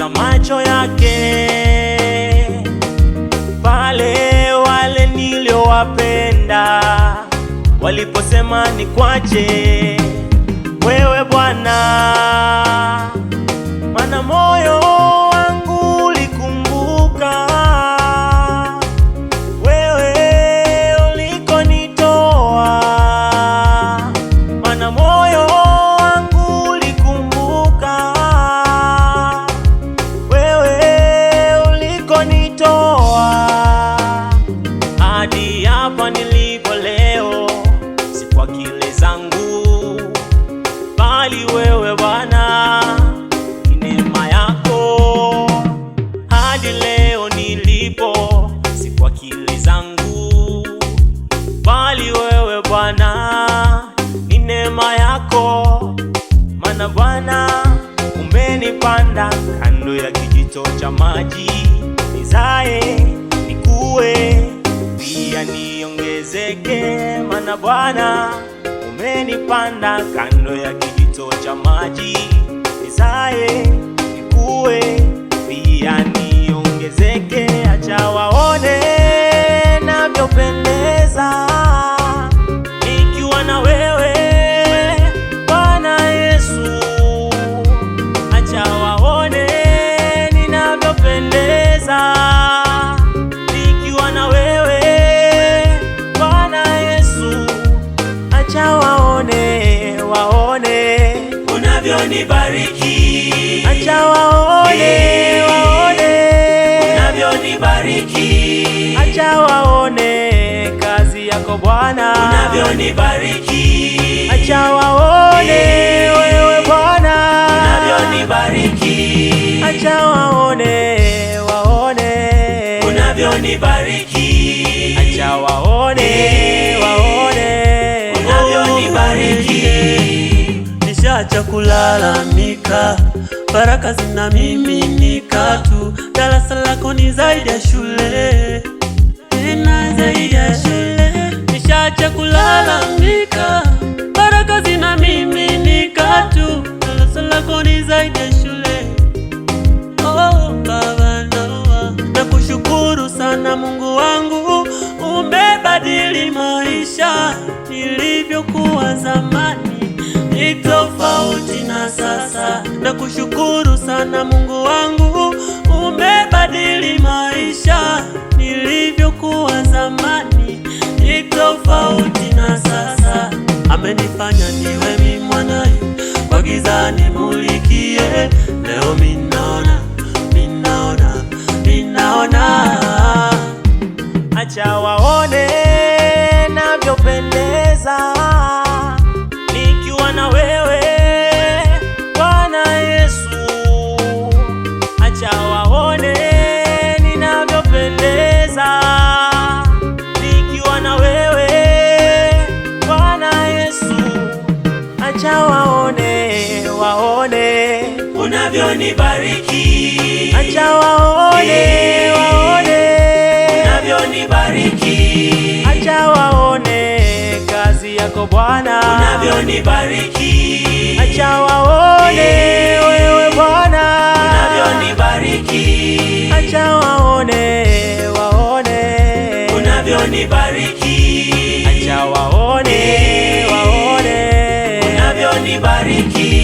za macho yake pale wale niliowapenda waliposema ni kwache wewe Bwana hapa nilipo leo si kwa kile zangu, bali wewe Bwana ni neema yako. Hadi leo nilipo si kwa kile zangu, bali wewe Bwana ni neema yako, maana Bwana umenipanda kando ya kijito cha maji nizae nitezeke, mana Bwana umenipanda kando ya unavyonibariki, acha waone waone unavyonibariki, acha waone kazi yako Bwana, unavyonibariki, acha waone wewe Bwana, unavyonibariki, acha waone waone unavyonibariki, acha waone Sio kulalamika, baraka zinamiminika tu. Darasa lako ni zaidi ya shule, tena zaidi ya shule. Nishaacha kulalamika, baraka zinamiminika tu. Darasa lako ni zaidi ya shule. Oh, Baba Noah, nakushukuru sana Mungu wangu, umebadili maisha nilivyokuwa zamani sasa. Nakushukuru sana Mungu wangu, umebadili maisha. Nilivyokuwa zamani ni tofauti na sasa. Amenifanya niwe mimi mwanaye, kwa gizani mulikie leo mimi unavyonibariki, acha waone waone unavyonibariki, acha waone kazi yako Bwana, unavyonibariki, acha waone wewe Bwana, unavyonibariki, acha waone waone unavyonibariki, acha waone waone unavyonibariki